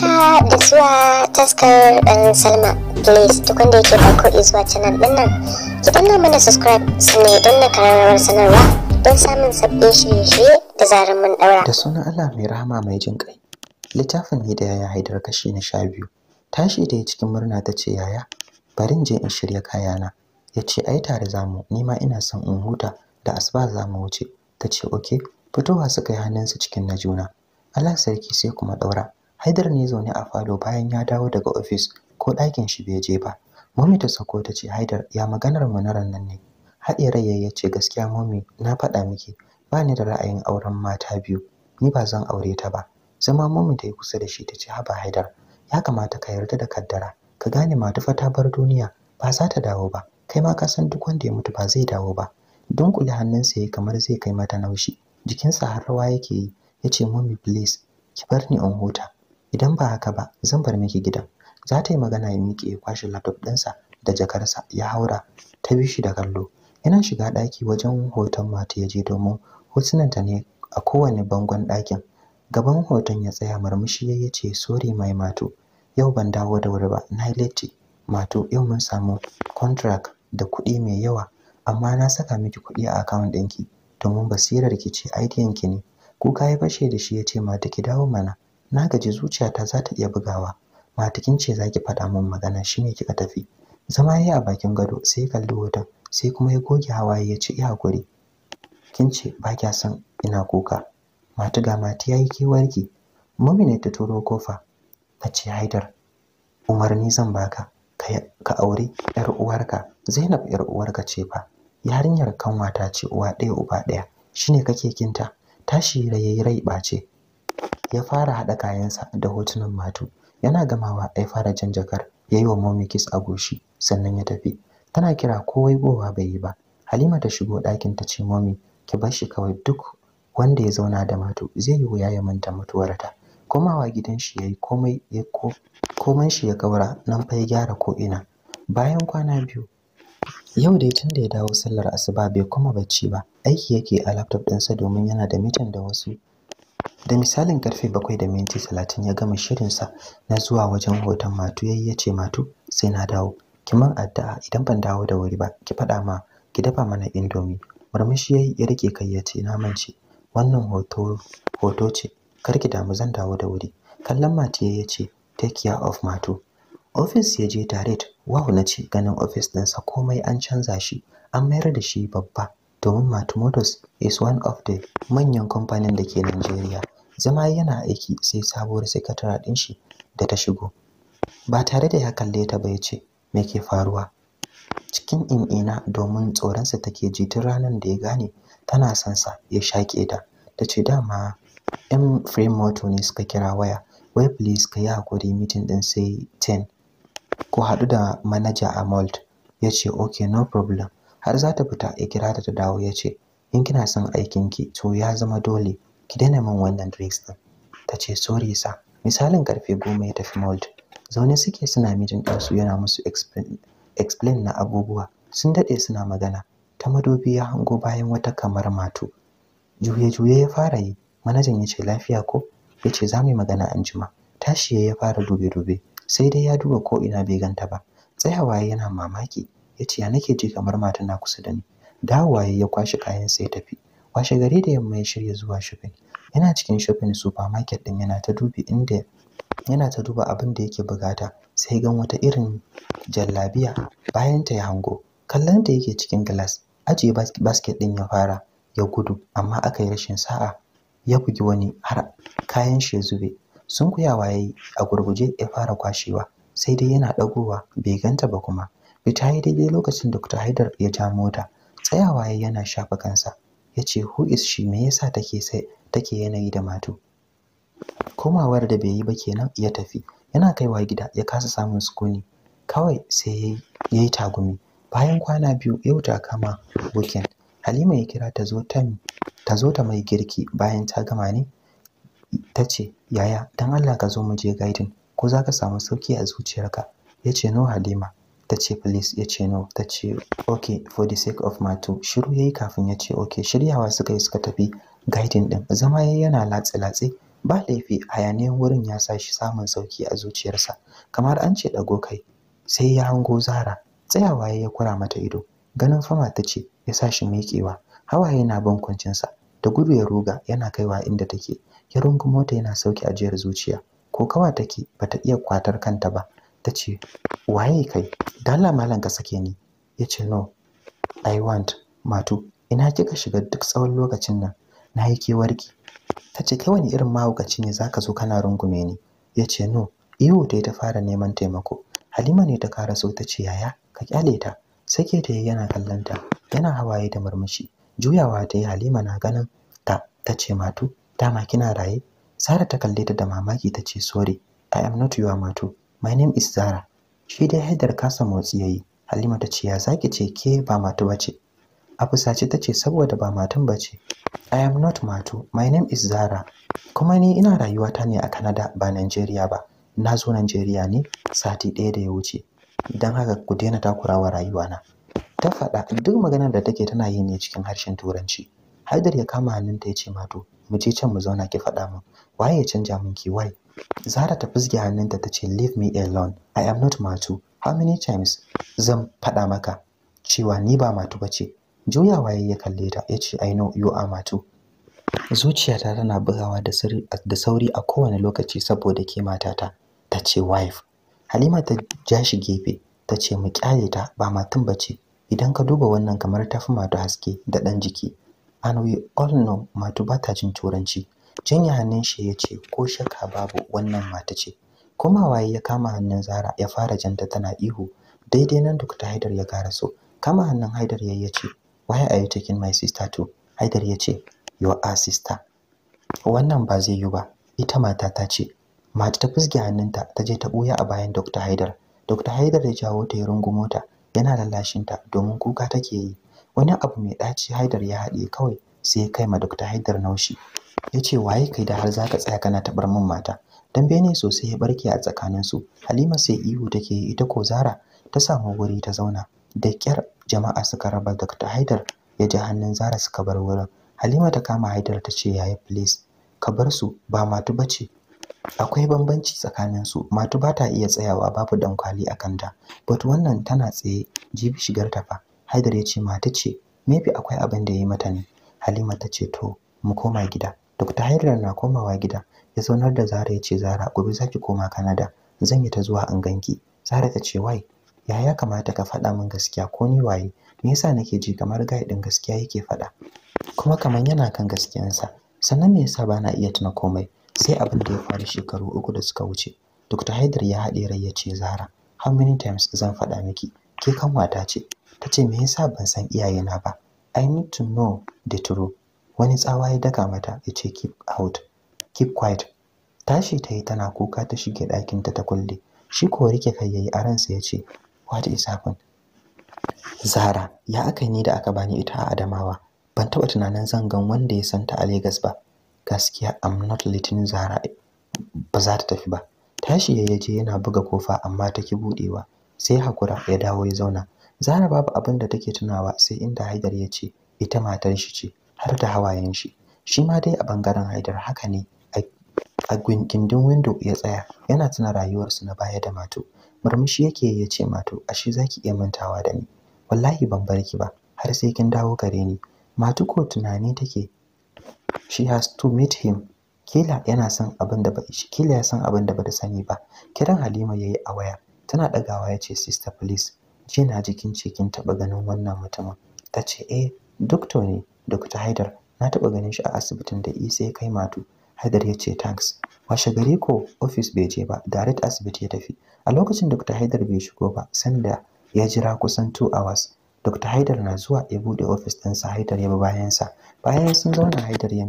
haka ah, da zuwa taskar ɗan um, salma please duk wanda yake farko izuwa canal ɗin nan ki danna mana subscribe sannan don na kararrawar sanarwa don samun sabbin shirye-shirye da zarar mun ɗaura da sunan allah mai rahama mai jin kai littafin ni da yaya haidar kashi na sha biyu tashi da ya cikin murna ta ce yaya Barin je in shirya kayana ya ce ai tare za mu ni ina son in huta da asuba za mu wuce ta ce oke fitowa suka yi hannunsu cikin na juna allah sarki sai kuma ɗaura Haidar ne zaune a falo bayan ya dawo daga ofis ko ɗakin shi bai je ba. Mummy ta sako ta ce Haidar ya maganar mu na ranar ne. Haɗe ya ce gaskiya Mummy na faɗa miki ba ni da ra'ayin auren mata biyu ni ba zan aure ta ba. Zama Mummy ta yi kusa da shi ta ce haba Haidar ya kamata ka yarda da kaddara ka gane mata fa ta bar duniya ba za ta dawo ba kai ma ka san duk wanda ya mutu ba zai dawo ba. Dunkule hannunsa ya kamar zai kai mata naushi jikinsa har rawa yake yi ya ce Mummy please ki bar ni in huta. idan ba haka ba zan bar miki gidan za ta yi magana ya miƙe ya kwashe laptop ɗinsa da jakarsa ya haura ta bi shi da kallo yana shiga ɗaki wajen hoton mata ya je domin hotunanta ne a kowane bangon ɗakin gaban hoton ya tsaya marmushi ya ce sorry mai mato yau ban dawo da wuri ba na laifi. mato yau mun samu contract da kuɗi mai yawa amma na saka miki kuɗi a account ɗinki domin basirar ki ce idean ki ne kuka yi fashe da shi ya ce mata ki dawo mana na gaji zuciyata za ta iya bugawa matakin ce za ki faɗa min magana shi ne kika tafi zama yayi a bakin gado sai kalli hoton sai kuma ya goge hawaye ya ce ya hakuri kin ce ba kya san ina kuka matu ga mati yayi kewarki mummy ne ta turo kofa ta ce haidar umarni zan baka ka aure yar uwarka zainab yar uwarka ce fa yarinyar kanwa ta ce uwa ɗaya uba ɗaya shine kake kinta tashi rayayi rai ɓace ya fara haɗa kayansa da hotunan matu yana gamawa ya fara jan jakar ya yi wa momi kiss a goshi sannan ya tafi tana kira kowai waigowa bai yi ba halima ta shigo ɗakin ta ce momi ki bar shi kawai duk wanda ya zauna da matu zai yi wuya ya manta mutuwar ta. komawa gidan shi ya yi komai ya ko koman shi ya kaura nan fa ya gyara ko ina bayan kwana biyu yau dai tun da ya dawo sallar asuba bai kuma bacci ba aiki yake a laptop ɗinsa domin yana da mitin da wasu da misalin karfe 7 da minti 30 ya gama shirinsa na zuwa wajen hoton matu yayi ya ce matu sai na dawo kiman addu'a idan ban dawo da wuri ba ki faɗa ma ki dafa mana indomi murmushi yayi ya rike kai ya ce na mance wannan hoto ce kar ki damu zan dawo da wuri kallon matu ya ce take care of matu, ofis ya je taret, wow na ce ganin ofis ɗinsa komai an canza shi an mayar da shi babba domin motors is one of the manyan kamfanin da ke Najeriya. Zama yana aiki sai sabuwar sekatara ɗin shi da ta shigo. Ba tare da ya kalle ta ba ya ce, me ke faruwa? Cikin in'ina domin tsoronsa take ji tun ranar da ya gane tana son sa ya shaƙe ta. Ta ce dama 'yan frame moto ne suka kira waya. Wai please ka yi hakuri mitin ɗin sai 10. Ko haɗu da manaja a Malt. Ya ce okay no problem. har za ta fita ya kira ta ta dawo ya ce in kina son aikin ki to ya zama dole ki daina min wannan drinks din ta ce sorry sa misalin karfe goma ya tafi mold zaune suke suna mijin ɗansu yana musu explain na abubuwa sun daɗe suna magana ta madobi ya hango bayan wata kamar mato juye-juye ya fara yi manajan ya ce lafiya ko ya ce za mu yi magana an jima tashi ya fara dube-dube sai dai ya duba ko ina bai ganta ba tsayawa yana mamaki ya ce ya nake ji kamar mata na kusa da ni dawaye ya kwashe kayansa ya tafi washe gari da yamma ya shirya zuwa shopping yana cikin shopping supermarket din yana ta dubi inda yana ta duba abin da yake bugata sai gan wata irin jallabiya bayan ta ya hango kallon ta yake cikin glass ajiye basket din ya fara ya gudu amma aka yi rashin sa'a ya bugi wani har kayan shi ya zube sun kuyawa yayi a gurguje ya fara kwashewa sai dai yana dagowa bai ganta ba kuma fita yi daidai lokacin da dr haidar ya ja mota tsayawa ya yana shafa kansa ya ce who is she me yasa take sai take yanayi da mato komawar da bai yi ba kenan ya tafi yana kaiwa gida ya kasa samun sukuni kawai sai ya yi tagumi bayan kwana biyu yau ta kama weekend halima ya kira ta zo ta ta zo ta mai girki bayan ta gama ne ta ce yaya dan allah ka zo mu je gaidin ko za ka samu sauki a zuciyarka ya ce no halima ta ce please ya ce no ta ce ok for the sake of two shiru ya yi kafin ya ce ok shiryawa suka yi suka tafi guiding din zama ya yana latse latsi ba laifi hayaniyan wurin ya sa shi samun sauki a zuciyarsa kamar an ce dago kai sai ya hango zara tsayawa ya kura mata ido ganin fama ta ce ya sa shi miƙewa hawaye na bin kwancinsa da gudu ya ruga yana kaiwa inda take ya rungu mota yana sauki ajiyar zuciya ko kawa take bata iya kwatar kanta ba ta ce waye kai dala malam ka sake ni ya ce no i want matu ina kika shiga duk tsawon lokacin nan na yi kewarki ta ce kai wani irin mahaukaci ne za ka zo kana rungume ni ya ce no iwo ta ta fara neman taimako halima ne ta kara so ta ce yaya ka kyale ta sake ta yana kallon yana hawaye da murmushi juyawa ta yi halima na ganin ta ta ce matu dama kina raye Sara ta kalle ta da mamaki ta ce sorry I am not your matu my name is zara shi dai haidar kasa motsi yayi halima ta ce ya zaki ce ke ba matu bace a ta ce saboda ba matun bace i am not matu my name is zara kuma ni ina rayuwata ne a canada ba nigeria ba na zo nigeria ne sati ɗaya da ya wuce don haka ku daina takurawa rayuwana ta faɗa duk maganar da take tana yi ne cikin harshen turanci haidar ya kama hannunta ya ce mato mu je can mu zauna ki faɗa min waye ya canja min ki wai Zara ta fizge hannunta ta ce leave me alone I am not Matu how many times zan faɗa maka cewa ni ba Matu bace juyawa ya kalle ta ya ce I know you are Matu zuciyata tana bugawa da sauri a kowane lokaci saboda ke matata ta ce wife Halima ta ja shi gefe ta ce mu kyale ta ba matun bace idan ka duba wannan kamar tafi matu haske da dan jiki and we all know matu ba ta jin turanci jinya hannun shi ya ce ko shakka babu wannan mata ce kuma waye ya kama hannun zara ya fara janta tana ihu daidai nan duk haidar ya gara so kama hannun haidar ya ce why are you taking my sister too haidar ya ce your a sister wannan ba zai yi ba ita mata ta ce mata ta fusge hannunta ta je ta buya a bayan dr haidar dr haidar ya jawo ta ya rungumo ta yana lallashinta domin kuka take yi wani abu mai ɗaci haidar ya haɗe kawai sai ya kai ma dr haidar naushi ya ce waye kai da har zaka tsaya kana tabar min mata dambe ne sosai ya barke a tsakanin su halima sai ihu take yi ita ko zara ta samu wuri ta zauna da kyar jama'a suka raba da ta haidar ya ji hannun zara suka bar wurin halima ta kama haidar ta ce yayi please ka bar su ba matu bace akwai bambanci tsakanin su matu ba ta iya tsayawa babu dankwali a kanta but wannan tana tsaye jibi shigar ta fa haidar ya ce mata ce maybe akwai abin da ya yi mata ne halima ta ce to mu koma gida Dr. Haidar na komawa gida ya zaunar da Zara ya ce Zara gobe zaki koma Kanada. zan yi ta zuwa an ganki Zara ta ce wai ya ya kamata ka faɗa min gaskiya ko ni waye me yasa nake ji kamar gai din gaskiya yake faɗa kuma kamar yana kan gaskiyansa sannan me yasa bana iya tuna komai sai abin da ya faru shekaru uku da suka wuce Dr. Haidar ya haɗe rai ya ce Zara how many times zan faɗa miki ke kanwata ce ta ce me yasa ban san iyayena ba I need to know the truth wani tsawa ya daka mata ya ce keep out keep quiet tashi ta yi tana kuka ta shige ɗakinta ta kulle shi ko rike kai yayi a ransa ya ce what is happen Zara ya aka ni da aka bani ita a Adamawa ban taɓa tunanin zan gan wanda ya santa a Lagos ba gaskiya I'm not letting Zara ba za ta tafi ba tashi ya je yana buga kofa amma ta ki budewa sai hakura ya dawo ya zauna Zara babu abin da take tunawa sai inda Haidar ya ce ita matar shi ce har da hawayen shi shi ma dai a bangaren haidar haka ne a gindin windo, ya tsaya yana tuna rayuwarsu na baya da mato murmushi yake ya ce mato ashe zaki iya mantawa da ni wallahi ban bar ki ba har sai kin dawo gare ni mato ko tunani take she has to meet him kila yana son abin da ba kila ya san abin da ba da sani ba kiran halima yayi a waya tana dagawa ya ce sister please ji na jikin ce kin taba ganin wannan mutumin ta ce eh doctor ne Dr. Haidar na taɓa ganin shi a asibitin da isa ya kai matu. Haidar ya ce thanks. Washe gare ko ofis bai je ba, direct asibiti ya tafi. A lokacin Dr. Haidar bai shigo ba, sanda ya jira kusan 2 hours. Dr. Haidar na zuwa ya bude ofis ɗinsa Haidar ya bi bayansa. Bayan sun zauna Haidar ya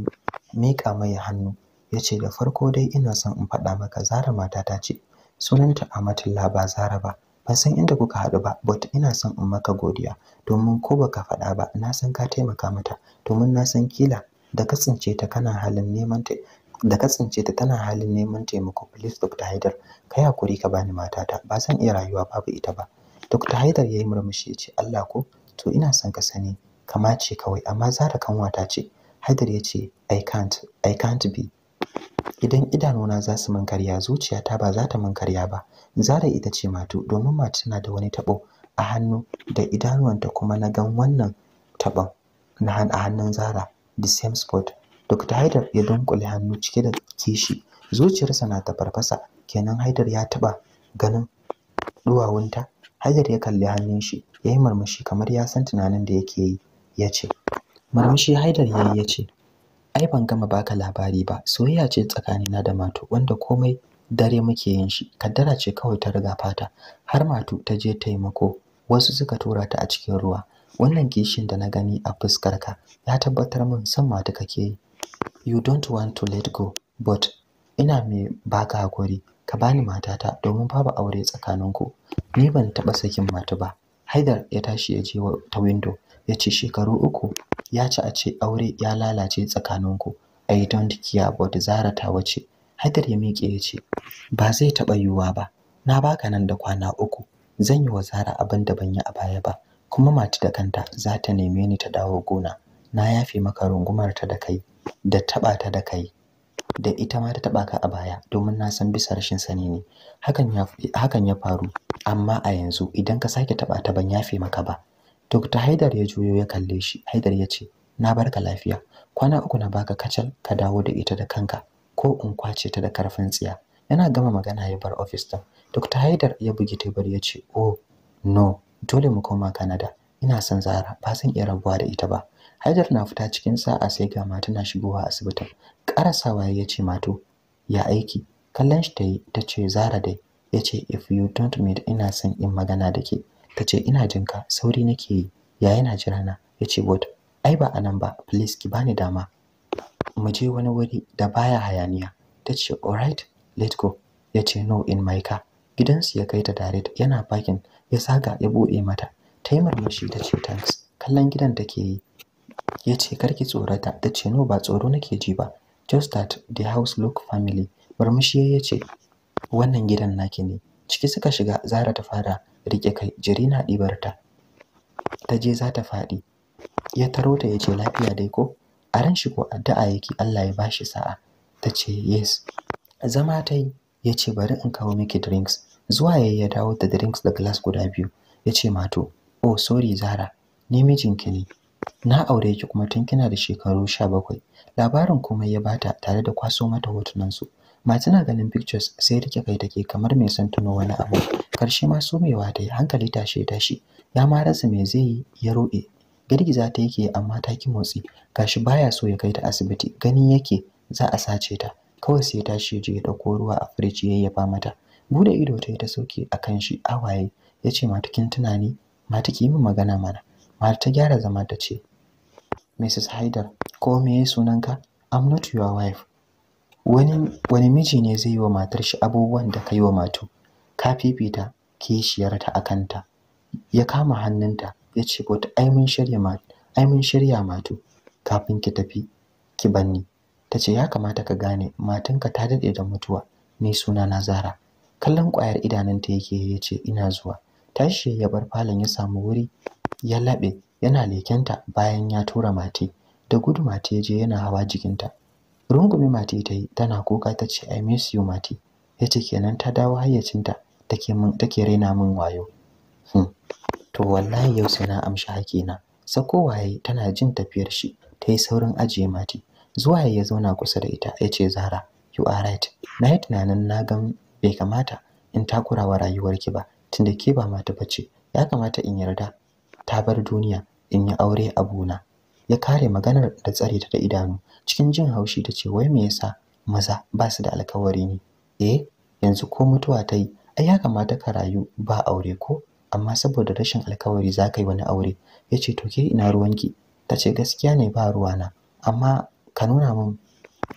miƙa mai hannu ya ce da farko dai ina son in faɗa maka Zara mata ta ce. Sunanta Amatullah ba Zara ba. ban san inda kuka haɗu ba but ina son in maka godiya domin ko baka faɗa ba na san ka taimaka mata domin na san kila da ka tsince ta kana halin neman ta da ka ta tana halin neman taimako please Dr. Haidar kai hakuri ka bani matata ba zan iya rayuwa babu ita ba Dr. Haidar yayi murmushi ya ce Allah ko to ina son ka sani kama ce kawai amma Zara kanwata ce Haidar ya ce I can't I can't be idan idanuna za su min karya zuciyata ba za ta min karya ba Zara ita ce Matu domin Matu tana da wani tabo a hannu da idanuwanta kuma na gan wannan taɓon na a hannun Zara the same spot. Dr. Haidar ya dunkule hannu cike da kishi zuciyarsa na ta farfasa kenan Haidar ya taba ganin duwawunta Haidar ya kalli hannun shi ya yi murmushi kamar ya san tunanin da yake yi ya ce. murmushi Haidar yayi ce, ai ban gama baka labari ba soyayya ce tsakanina da Matu wanda komai dare muke yin shi kaddara ce kawai ta riga fata har matu ta je taimako wasu suka tura ta a cikin ruwa wannan kishin da na gani a fuskar ka ya tabbatar min san matu kake yi you don't want to let go but ina mai baka hakuri ka bani matata domin babu aure tsakaninku ni ban taɓa sakin matu ba haidar ya tashi ya je ta window ya ce shekaru uku ya ci a ce aure ya lalace tsakaninku I don't care but Zara ta wace Haidar ya miƙe ya ce ba zai taɓa yiwuwa ba na baka nan da kwana uku zan yi wa Zara abin da ban yi a baya ba kuma mati da kanta za ta neme ni ta dawo gona na yafe maka rungumar ta da kai da taɓa ta da kai da ita ma ta taɓa ka a baya domin na san bisa rashin sani ne hakan ya faru amma a yanzu idan ka sake taɓa ta ban yafe maka ba Dokta Haidar ya juyo ya kalle shi Haidar ya ce na barka lafiya kwana uku na baka kacal ka dawo da ita da kanka ko in kwace ta da karfin tsiya yana gama magana ya bar ofis din dr haidar ya bugi tebur ya ce oh no dole mu koma canada ina son zara ba zan iya rabuwa da ita ba haidar na fita cikin sa'a sai ga mata na shigowa asibitin karasawa ya ce mato ya aiki kallon shi ta yi ta ce zara dai ya ce if you don't meet ina son in magana da ke ta ce ina jin ka. sauri nake yi ya yana jira na ya ce what ai ba anan ba please ki bani dama mu je wani wuri da baya hayaniya ta ce alright let's go ya ce no in my car gidansu ya kai ta direct yana parking ya saka ya bude mata ta yi murmushi ta ce thanks kallon gidan take yi ya ce karki tsorata ta ce no ba tsoro nake ji ba just that the house look family murmushi ya ce wannan gidan naki ne ciki suka shiga zara ta fara rike kai jiri na ɗibarta ta je za ta faɗi ya taro ta ya ce lafiya dai ko a ran shi ko addu'a yake Allah ya bashi sa'a ta ce yes zama ta yi ya ce bari in kawo miki drinks zuwa yayi ya dawo da drinks da glass guda biyu ya ce mato oh sorry zara ni mijinki ne na aure ki kuma tun kina da shekaru sha bakwai. labarin komai ya bata tare da kwaso mata hotunan su tana ganin pictures sai rike kai take kamar mai son tuno wani abu. Karshe ma sumewa ta yi hankali tashi tashi. Ya ma rasa me zai yi ya roɗe girgiza ta yake amma ta ki motsi gashi baya so ya kai ta asibiti gani yake za a sace ta kawai sai ta shi je ya dauko ruwa a firiji ya yaba mata bude ido ta yi ta soke akan shi awaye yace mata kin tunani mata ki yi min magana mana mata ta gyara zama ta ce Mrs. Haidar ko me sunanka I'm not your wife wani wani miji ne zai yi wa matar shi abubuwan da ka yi wa mato ka fifita kishiyarta kanta. ya kama hannunta ya ce bot ai mun shirya ma ai mun shirya to kafin ki tafi ki banni ta ce ya kamata ka gane matanka ta daɗe da mutuwa ni suna na zara kallon ƙwayar idanunta yake ya ce ina zuwa tashi ya bar falon ya samu wuri ya laɓe yana lekenta bayan ya tura mate da gudu mate ya je yana hawa jikinta Rungumi mate ta yi tana kuka ta ce i miss you mate ya ce kenan ta dawo hayyacinta take raina min wayo hmm. to wallahi yau sai na amshi na. sako waye tana jin tafiyar shi ta yi saurin ajiye mati zuwa ya zauna kusa da ita ya ce zara you are right na yi tunanin na gan bai kamata in takura wa rayuwarki ba tunda ke ba mata bace ya kamata in yarda ta bar duniya in yi aure abuna ya kare maganar da tsare ta da idanu cikin jin haushi ta ce wai me yasa maza ba su da alkawari ne eh yanzu ko mutuwa ta yi ai ya kamata ka rayu ba aure ko amma saboda rashin alkawari za ka yi wani aure ya ce to ke ina ruwanki ta ce gaskiya ne ba ruwana amma ka nuna min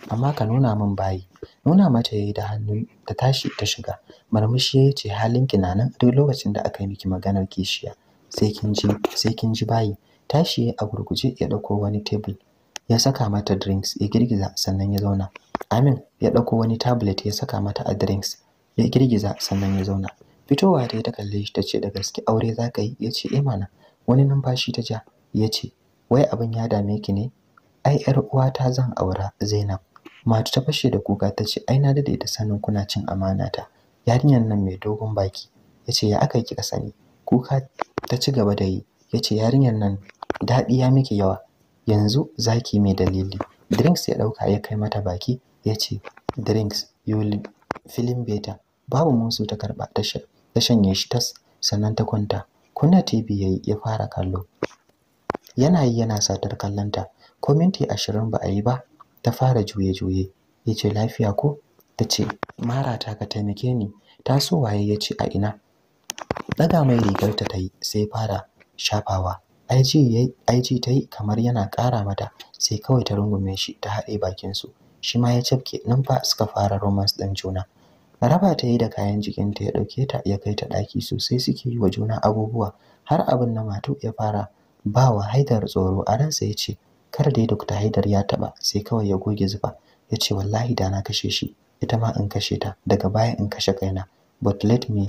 amma ka nuna min bayi nuna mata yayi da hannu ta tashi ta shiga marmushi ya ce halinki na nan duk lokacin da aka yi miki maganar kishiya sai kin ji kin ji bayi tashi a gurguje ya ɗauko wani table ya saka mata drinks ya girgiza sannan ya zauna amin ya ɗauko wani tablet ya saka mata a drinks ya girgiza sannan ya zauna fitowa dai ta kalle shi ta ce da gaske aure za ka yi yace ce eh mana wani numfashi ta ja yace ce wai abin ya dame ki ne ai yar uwata zan aura zainab matu ta fashe da kuka ta ce ai na dade da sanin kuna cin amana ta yarinyar nan mai dogon baki yace ce ya aka yi kika sani kuka ta ci gaba da yi yace ce yarinyar nan daɗi ya miki yawa yanzu zaki mai dalili drinks ya ɗauka ya kai mata baki yace ce drinks filin beta babu musu ta karɓa ta ta shanye shi tas sannan ta kwanta kunna tv yayi ya fara kallo yana yi yana satar kallanta ko minti ashirin ba a yi ba ta fara juye-juye yace lafiya ko tace mara ta ka taimake ni ta so waye ya ce a ina daga mai rigar ta yi sai fara shafawa IG ta yi kamar yana ƙara mata sai kawai ta rungume shi ta haɗe bakinsu shi ma ya cafke nan fa suka fara romance ɗin juna raba ta yi da kayan jikinta ya ɗauke ta ya kai ta ɗaki sosai suke yi wa juna abubuwa har abin na matu ya fara ba wa haidar tsoro a ransa ya ce kar dai dokta haidar ya taɓa sai kawai ya goge zuba ya ce wallahi da na kashe shi ita ma in kashe ta daga baya in kashe kaina but let me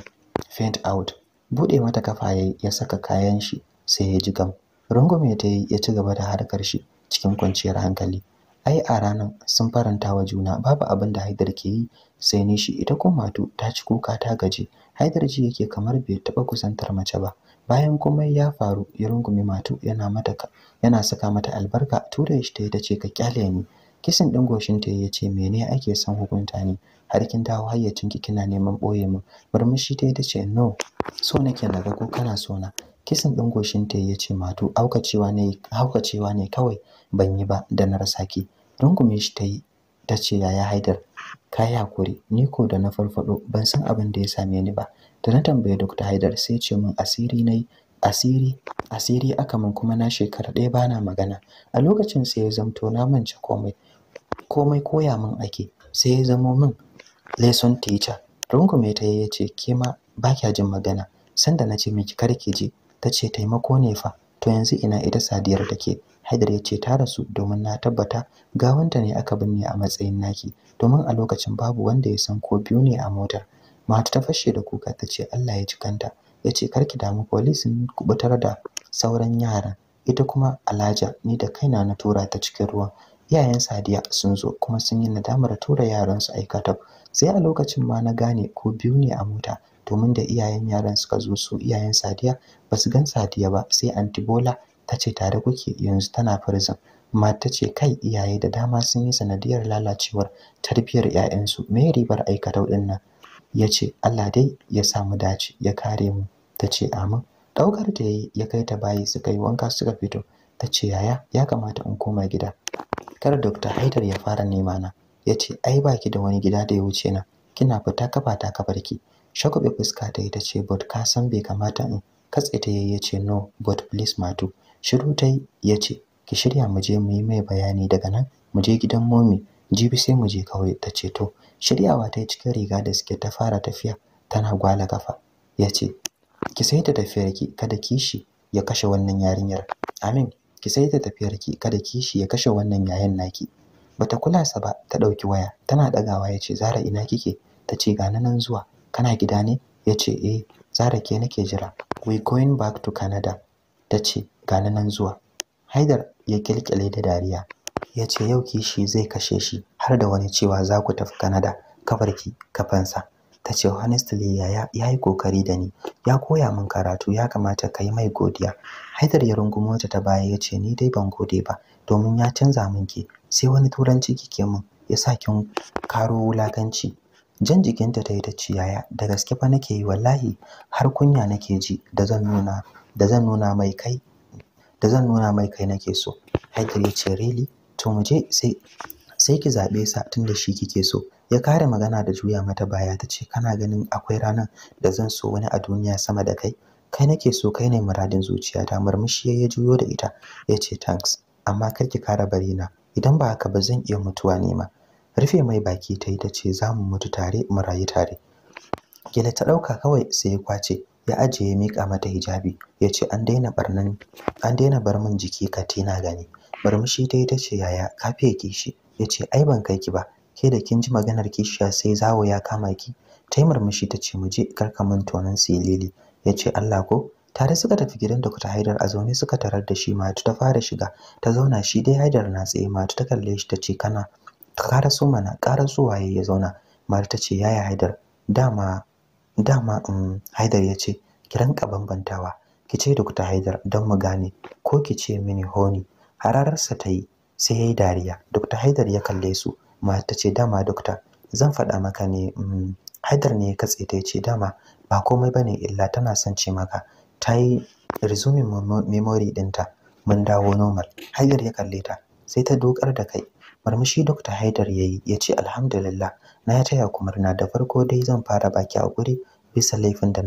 faint out buɗe mata kafa ya saka kayan shi sai ya ji gam rungume ta yi ya ci gaba da harkar shi cikin kwanciyar hankali ai a ranan sun faranta wa juna babu abin da haidar ke yi sai ne shi. ita ko matu ta ci kuka ta gaji haidar ji yake kamar bai taɓa kusantar mace ba bayan komai ya faru ya rungumi matu yana mata yana saka mata albarka tura shi ta yi ce ka kyale ni kisan din goshin ta ya mene ake son hukunta ni har kin dawo hayyacin ki kina neman boye min murmushi ta yi ce no so nake na ga ko kana so na kisan ɗin ta ya ce mato haukacewa ne haukacewa ne kawai ban yi ba da na rasa ki rungume shi ta yi ta ce yaya haidar ka yi hakuri ni ko da na farfado ban san abin da ya same ni ba da na tambaye dokta haidar sai ce min asiri na asiri asiri aka min kuma na shekara ɗaya bana magana a lokacin sai ya zamto na mance komai komai koya min ake sai ya zamo min lesson teacher rungume ta ya ce ke ma ba kya jin magana sanda na ce miki kar ki je ta ce taimako ne fa to yanzu ina ita sadiyar take haidar ya ce ta rasu domin na tabbata gawanta ne aka binne a matsayin naki domin a lokacin babu wanda ya san ko biyu ne a motar mata ta fashe da kuka ta ce allah ya ji kanta ya ce kar ki damu police kubutar da sauran yaran ita kuma alhaja ni da kaina na tura ta cikin ruwa iyayen sadiya sun zo kuma sun yi nadamar tura yaransu aikata sai a lokacin ma na gane ko biyu ne a mota domin da iyayen yaran suka zo su iyayen Sadiya ba su gan Sadiya ba sai antibola ta ce tare kuke yanzu tana prison mata ta ce kai iyaye da dama sun yi sanadiyar lalacewar tarbiyyar 'ya'yansu me ribar aikata nan ya ce Allah dai ya samu dace ya kare mu ta ce amin daukar da yayi ya kai ta bayi suka yi wanka suka fito ta ce yaya ya kamata in koma gida kar Dr. Haidar ya fara nema na ya ce ai baki da wani gida da ya wuce na kina fita kafa ta kafarki shagwabe fuska ta ita ce but ka san bai kamata in katse ta yayi ce no but please matu shiru ta ya ce ki shirya mu je mu yi mai bayani daga nan mu je gidan momi jibi sai mu je kawai ta ce to shiryawa ta yi cikin riga da suke ta fara tafiya tana gwala kafa ya ce ki sai da ki kada kishi ya kashe wannan yarinyar amin ki sai da ki kada kishi ya kashe wannan yayan naki bata kula sa ba ta ɗauki waya tana dagawa ya ce zara ina kike ta ce ga nan zuwa kana gida ne ya ce eh zara ke nake jira we going back to canada ta ce gani nan zuwa haidar ya kilkile da dariya ya ce yau kishi zai kashe shi har da wani cewa za ku tafi canada kafarki kafansa ta ce honestly ya ya yi kokari da ni ya koya min karatu ya kamata ka yi mai godiya haidar ya rungumo ta ta baya ya ce ni dai ban gode ba domin ya canza min ke sai wani turanci kike min ya sa kin karo wulakanci jan jikinta ta yi ta ciyaya, da gaske fa nake yi wallahi har kunya nake ji da zan nuna da zan nuna mai kai da zan nuna mai kai nake so haidar ya ce really to mu je sai sai ki zaɓe sa tunda shi kike so ya kare magana da juya mata baya ta ce kana ganin akwai ranar da zan so wani a duniya sama da kai kai nake so kai ne muradin zuciyata murmushi ya juyo da ita ya ce thanks amma kar ki kara bari na idan ba haka ba zan iya mutuwa ne ma rufe mai baki ta yi ta ce za mu mutu tare mu rayu tare gila ta ɗauka kawai sai ya kwace ya ajiye ya miƙa mata hijabi ya ce an daina bar min jiki katina gani murmushi ta yi ta ce yaya ka fiye kishi ya ce ai ban kai ki ba ke da kin ji maganar kishiya sai zawo ya kama ki ta yi murmushi ta ce mu je karka su yi lili, ya ce Allah ko tare suka tafi gidan da kuta haidar a zaune suka tarar da shi matu ta fara shiga ta zauna shi dai haidar na tsaye matu ta kalle shi ta ce kana ƙaraso mana ƙaraso waye ya zauna mari ta ce yaya haidar dama dama um, haidar ya ce ki ranka bambantawa ki ce dokta haidar don mu gane ko ki ce mini honi hararsa ta yi sai ya yi dariya dokta haidar ya kalle su mari ta ce dama dokta zan faɗa maka ne um, haidar ne ya katse ta ya ce dama ba komai ba ne. illa tana son ce maka ta yi resuming memory ɗinta mun dawo normal haidar ya kalle ta sai ta dokar da kai Murmushi Dr. Haidar ya yi ya ce alhamdulillah na ya taya ku da farko dai zan fara baki a guri bisa laifin da na